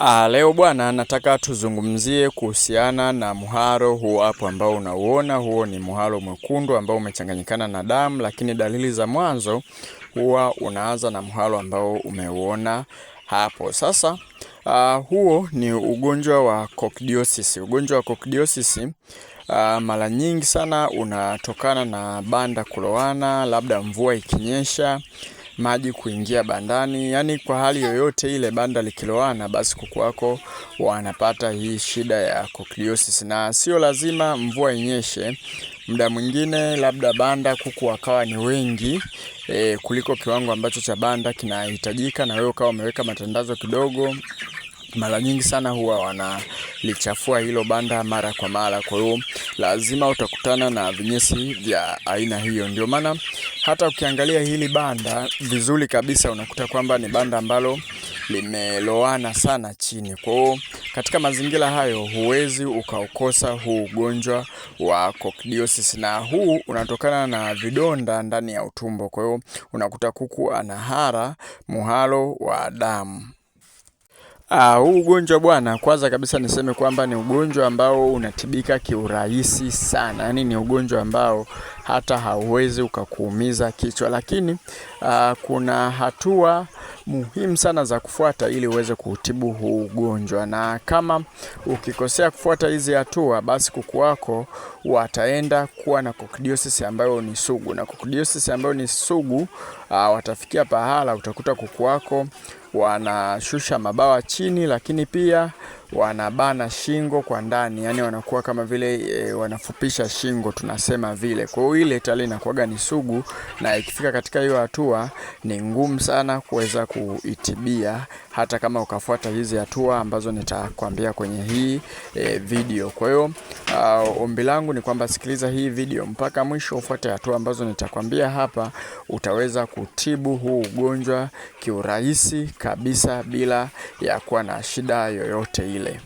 Aa, ah, leo bwana, nataka tuzungumzie kuhusiana na muharo huo hapo ambao unauona. Huo ni muharo mwekundu ambao umechanganyikana na damu, lakini dalili za mwanzo huwa unaanza na muharo ambao umeuona hapo. Sasa aa, ah, huo ni ugonjwa wa coccidiosis. Ugonjwa wa coccidiosis ah, mara nyingi sana unatokana na banda kulowana, labda mvua ikinyesha, maji kuingia bandani, yani kwa hali yoyote ile banda likiloana basi kuku wako wanapata hii shida ya kokliosis, na sio lazima mvua inyeshe. Muda mwingine labda banda kuku wakawa ni wengi e, kuliko kiwango ambacho cha banda kinahitajika, na wewe ukawa umeweka matandazo kidogo mara nyingi sana huwa wanalichafua hilo banda mara kwa mara. Kwa hiyo lazima utakutana na vinyesi vya aina hiyo. Ndio maana hata ukiangalia hili banda vizuri kabisa, unakuta kwamba ni banda ambalo limeloana sana chini. Kwa hiyo katika mazingira hayo huwezi ukaukosa huu ugonjwa wa coccidiosis, na huu unatokana na vidonda ndani ya utumbo. Kwa hiyo unakuta kuku anahara hara muhalo wa damu. Ah, huu ugonjwa bwana, kwanza kabisa niseme kwamba ni ugonjwa ambao unatibika kiurahisi sana, yaani ni ugonjwa ambao hata hauwezi ukakuumiza kichwa, lakini ah, kuna hatua muhimu sana za kufuata ili uweze kuutibu huu ugonjwa, na kama ukikosea kufuata hizi hatua, basi kuku wako wataenda kuwa na kokidiosis ambayo ni sugu, na kokidiosis ambayo ni sugu ah, watafikia pahala utakuta kuku wako wanashusha mabawa chini, lakini pia wanabana shingo kwa ndani, yani wanakuwa kama vile e, wanafupisha shingo tunasema vile. Kwa hiyo ile tali inakuwaga ni sugu, na ikifika katika hiyo hatua ni ngumu sana kuweza kuitibia, hata kama ukafuata hizi hatua ambazo nitakwambia kwenye hii e, video. Kwa hiyo Uh, ombi langu ni kwamba sikiliza hii video mpaka mwisho, ufuate hatua ambazo nitakwambia hapa, utaweza kutibu huu ugonjwa kiurahisi kabisa bila ya kuwa na shida yoyote ile.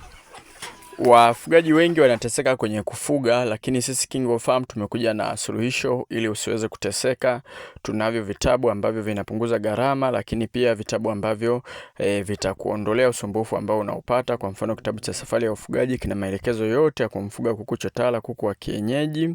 Wafugaji wengi wanateseka kwenye kufuga, lakini sisi Kingo Farm tumekuja na suluhisho ili usiweze kuteseka. Tunavyo vitabu ambavyo vinapunguza gharama, lakini pia vitabu ambavyo e, vitakuondolea usumbufu ambao unaopata. Kwa mfano, kitabu cha Safari ya Ufugaji kina maelekezo yote ya kumfuga kuku chotara, kuku wa kienyeji,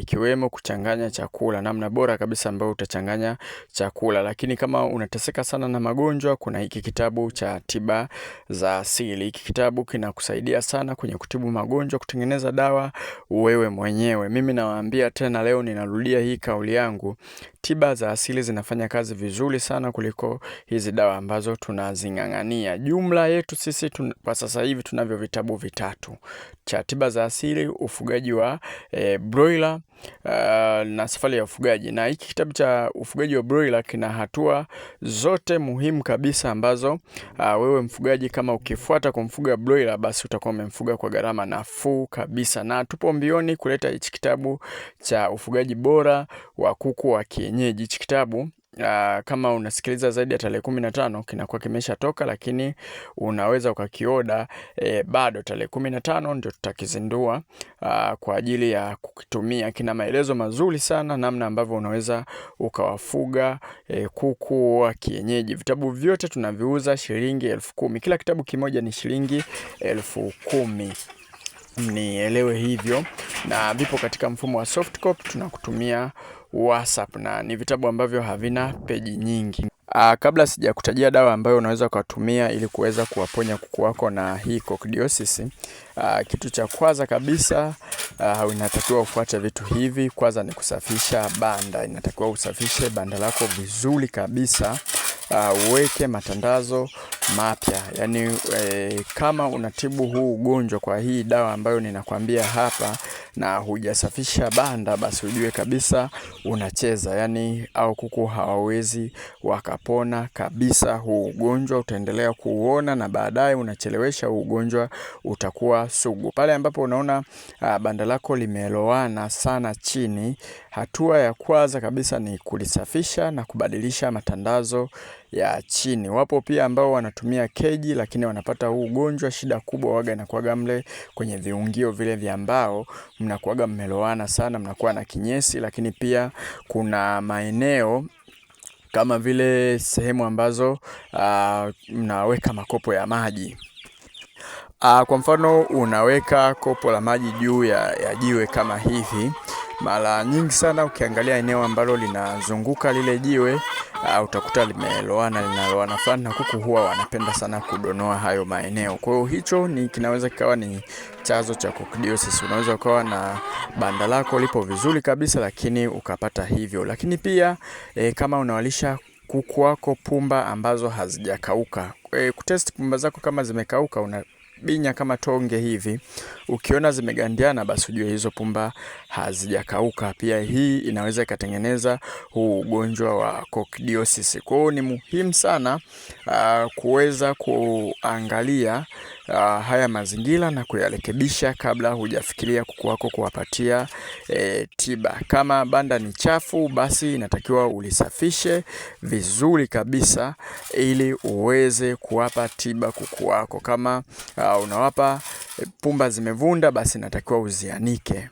ikiwemo kuchanganya chakula, namna bora kabisa ambayo utachanganya chakula. Lakini kama unateseka sana na magonjwa, kuna hiki kitabu cha tiba za asili. Hiki kitabu kinakusaidia sana kwenye kutibu magonjwa, kutengeneza dawa wewe mwenyewe. Mimi nawaambia tena leo, ninarudia hii kauli yangu, tiba za asili zinafanya kazi vizuri sana kuliko hizi dawa ambazo tunazing'ang'ania. Jumla yetu sisi tun, kwa sasa hivi tunavyo vitabu vitatu cha tiba za asili, ufugaji wa e, broiler uh, na safari ya ufugaji, na hiki kitabu cha ufugaji wa broiler kina hatua zote muhimu kabisa ambazo uh, wewe mfugaji kama ukifuata kumfuga broiler basi utakuwa umemfuga kwa gharama nafuu kabisa, na tupo mbioni kuleta hichi kitabu cha ufugaji bora wa kuku wa kienyeji. Hichi kitabu Uh, kama unasikiliza zaidi ya tarehe kumi na tano kinakuwa kimeshatoka, lakini unaweza ukakioda e, bado tarehe kumi na tano ndio tutakizindua uh, kwa ajili ya kukitumia. Kina maelezo mazuri sana namna ambavyo unaweza ukawafuga e, kuku wa kienyeji. Vitabu vyote tunaviuza shilingi elfu kumi. Kila kitabu kimoja ni shilingi elfu kumi. nielewe hivyo na vipo katika mfumo wa soft copy, tunakutumia WhatsApp na ni vitabu ambavyo havina peji nyingi. Aa, ah, kabla sijakutajia dawa ambayo unaweza ukatumia ili kuweza kuwaponya kuku wako na hii coccidiosis, ah, kitu cha kwanza kabisa aa, ah, inatakiwa ufuate vitu hivi. Kwanza ni kusafisha banda, inatakiwa usafishe banda lako vizuri kabisa, uweke matandazo mapya yaani, e, kama unatibu huu ugonjwa kwa hii dawa ambayo ninakwambia hapa na hujasafisha banda, basi ujue kabisa unacheza, yaani au kuku hawawezi wakapona kabisa. Huu ugonjwa utaendelea kuuona na baadaye unachelewesha, huu ugonjwa utakuwa sugu. Pale ambapo unaona a, ah, banda lako limelowana sana chini, hatua ya kwanza kabisa ni kulisafisha na kubadilisha matandazo ya chini. Wapo pia ambao wanatumia keji, lakini wanapata huu ugonjwa. Shida kubwa waga inakuwaga mle kwenye viungio vile vya mbao, mnakuwaga mmeloana sana, mnakuwa na kinyesi, lakini pia kuna maeneo kama vile sehemu ambazo uh, mnaweka makopo ya maji uh, kwa mfano unaweka kopo la maji juu ya, ya jiwe kama hivi. Mara nyingi sana ukiangalia eneo ambalo linazunguka lile jiwe uh, utakuta limeloana linaloana fulani, na kuku huwa wanapenda sana kudonoa hayo maeneo. Kwa hiyo hicho ni kinaweza kikawa ni chanzo cha kokidiosis. Unaweza ukawa na banda lako lipo vizuri kabisa, lakini ukapata hivyo. Lakini pia e, kama unawalisha kuku wako pumba ambazo hazijakauka, e, kutest pumba zako kama zimekauka una binya kama tonge hivi, ukiona zimegandiana, basi ujue hizo pumba hazijakauka. Pia hii inaweza ikatengeneza huu ugonjwa wa kokidiosis. Kwa hiyo ni muhimu sana uh, kuweza kuangalia uh, haya mazingira na kuyarekebisha kabla hujafikiria kuku wako kuwapatia e, tiba. Kama banda ni chafu, basi inatakiwa ulisafishe vizuri kabisa ili uweze kuwapa tiba kuku wako. Kama uh, unawapa eh, pumba zimevunda, basi inatakiwa uzianike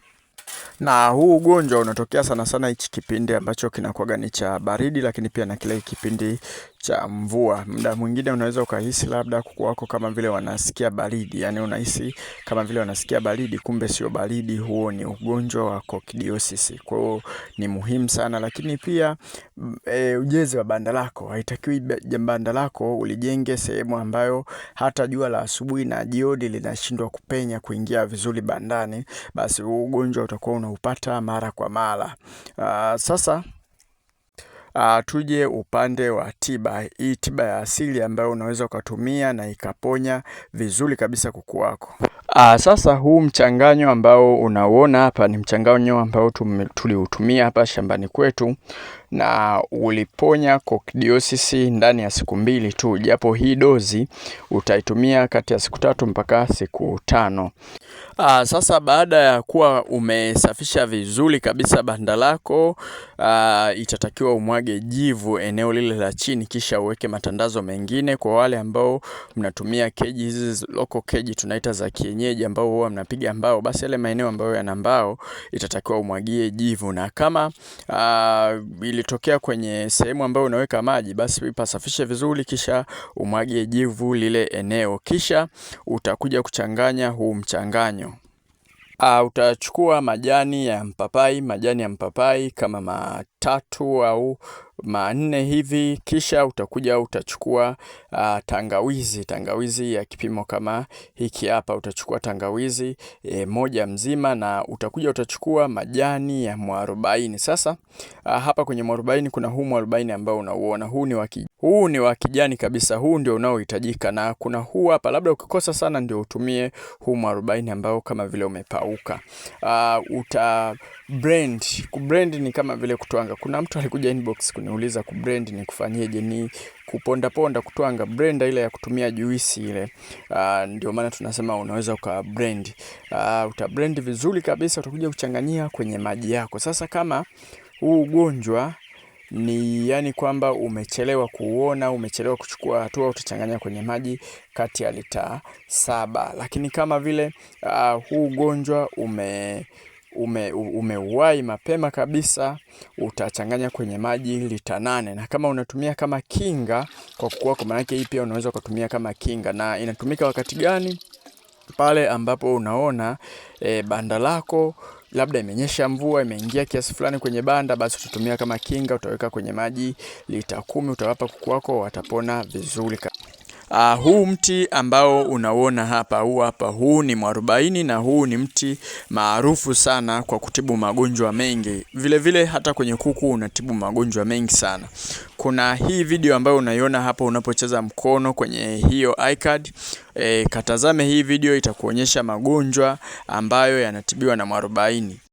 na huu ugonjwa unatokea sana sana hichi kipindi ambacho kinakuwaga ni cha baridi, lakini pia na kile kipindi cha mvua. Muda mwingine unaweza ukahisi labda kuku wako kama vile wanasikia baridi, yani unahisi kama vile wanasikia baridi, kumbe sio baridi, huo ni ugonjwa wa coccidiosis. Kwa hiyo ni muhimu sana, lakini pia e, ujezi wa banda lako. Haitakiwi banda lako ulijenge sehemu ambayo hata jua la asubuhi na jioni linashindwa kupenya kuingia vizuri bandani, basi ugonjwa utakuwa unaupata mara kwa mara. Aa, ah, sasa Uh, tuje upande wa tiba. Hii tiba ya asili ambayo unaweza ukatumia na ikaponya vizuri kabisa kuku wako. Uh, sasa huu mchanganyo ambao unauona hapa ni mchanganyo ambao tuliutumia hapa shambani kwetu na uliponya kokdiosisi ndani ya siku mbili tu, japo hii dozi utaitumia kati ya siku tatu mpaka siku tano. Aa, ah, sasa baada ya kuwa umesafisha vizuri kabisa banda lako, ah, itatakiwa umwage jivu eneo lile la chini, kisha uweke matandazo mengine. Kwa wale ambao mnatumia keji hizi loko keji tunaita za kienyeji, ambao huwa mnapiga mbao, basi yale maeneo ambayo yana mbao itatakiwa umwagie jivu na kama aa, ah, ili ilitokea kwenye sehemu ambayo unaweka maji, basi pasafishe vizuri, kisha umwage jivu lile eneo, kisha utakuja kuchanganya huu mchanganyo. Uh, utachukua majani ya mpapai, majani ya mpapai kama matatu au manne hivi, kisha utakuja utachukua uh, tangawizi, tangawizi ya kipimo kama hiki hapa. Utachukua tangawizi e, moja mzima, na utakuja utachukua majani ya mwarobaini. Sasa uh, hapa kwenye mwarobaini kuna huu mwarobaini ambao unauona huu ni wa huu ni wa kijani kabisa, huu ndio unaohitajika, na kuna huu hapa, labda ukikosa sana ndio utumie huu mwarobaini ambao kama vile umepauka. Uh, uta brand. ku brand ni kama vile kutwanga. Kuna mtu alikuja inbox kuniuliza ku brand ni kufanyeje? Ni kuponda ponda, kutwanga blender ile ya kutumia juisi ile. Uh, ndio maana tunasema unaweza uka brand. Uh, uta brand vizuri kabisa, utakuja kuchanganyia kwenye maji yako. Sasa kama huu ugonjwa ni yani kwamba umechelewa kuuona, umechelewa kuchukua hatua, utachanganya kwenye maji kati ya lita saba. Lakini kama vile uh, huu ugonjwa ume umeuwai ume mapema kabisa, utachanganya kwenye maji lita nane. Na kama unatumia kama kinga kwa kukua, kwa maanake hii pia unaweza ukatumia kama kinga. Na inatumika wakati gani? Pale ambapo unaona e, banda lako labda imenyesha mvua, imeingia kiasi fulani kwenye banda, basi utatumia kama kinga, utaweka kwenye maji lita kumi, utawapa kuku wako, watapona vizuri. Uh, huu mti ambao unauona hapa huu hapa, huu ni mwarobaini na huu ni mti maarufu sana kwa kutibu magonjwa mengi. Vile vile hata kwenye kuku unatibu magonjwa mengi sana. Kuna hii video ambayo unaiona hapa unapocheza mkono kwenye hiyo iCard. E, katazame hii video itakuonyesha magonjwa ambayo yanatibiwa na mwarobaini.